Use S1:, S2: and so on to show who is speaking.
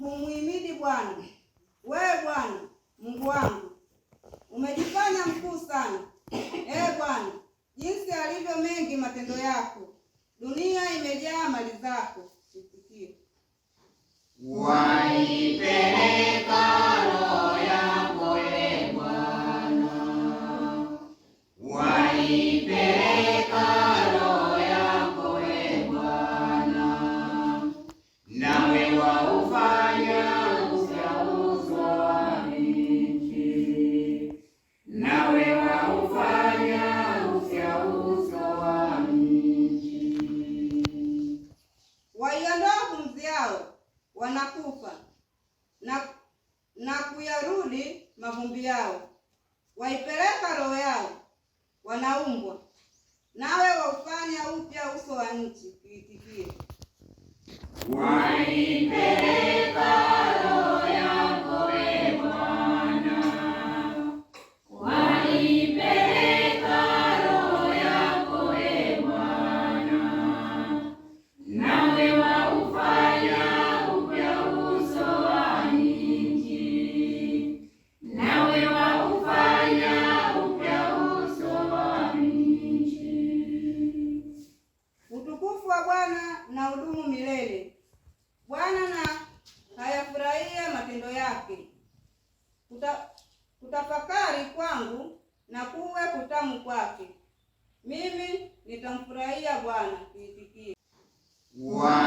S1: kumhimidi Bwana. Wewe Bwana Mungu wangu umejifanya mkuu sana. e Bwana, jinsi alivyo mengi matendo yako, dunia imejaa mali zako. Wow. wanakufa na, na kuyarudi mavumbi yao. Waipeleka roho yao, wanaumbwa, nawe waufanya upya uso wa nchi. Tuitikie. Bwana na udumu milele. Bwana na hayafurahia matendo yake. Kuta, kutafakari kwangu na kuwe kutamu kwake. Mimi nitamfurahia Bwana, niitikie.
S2: Wow.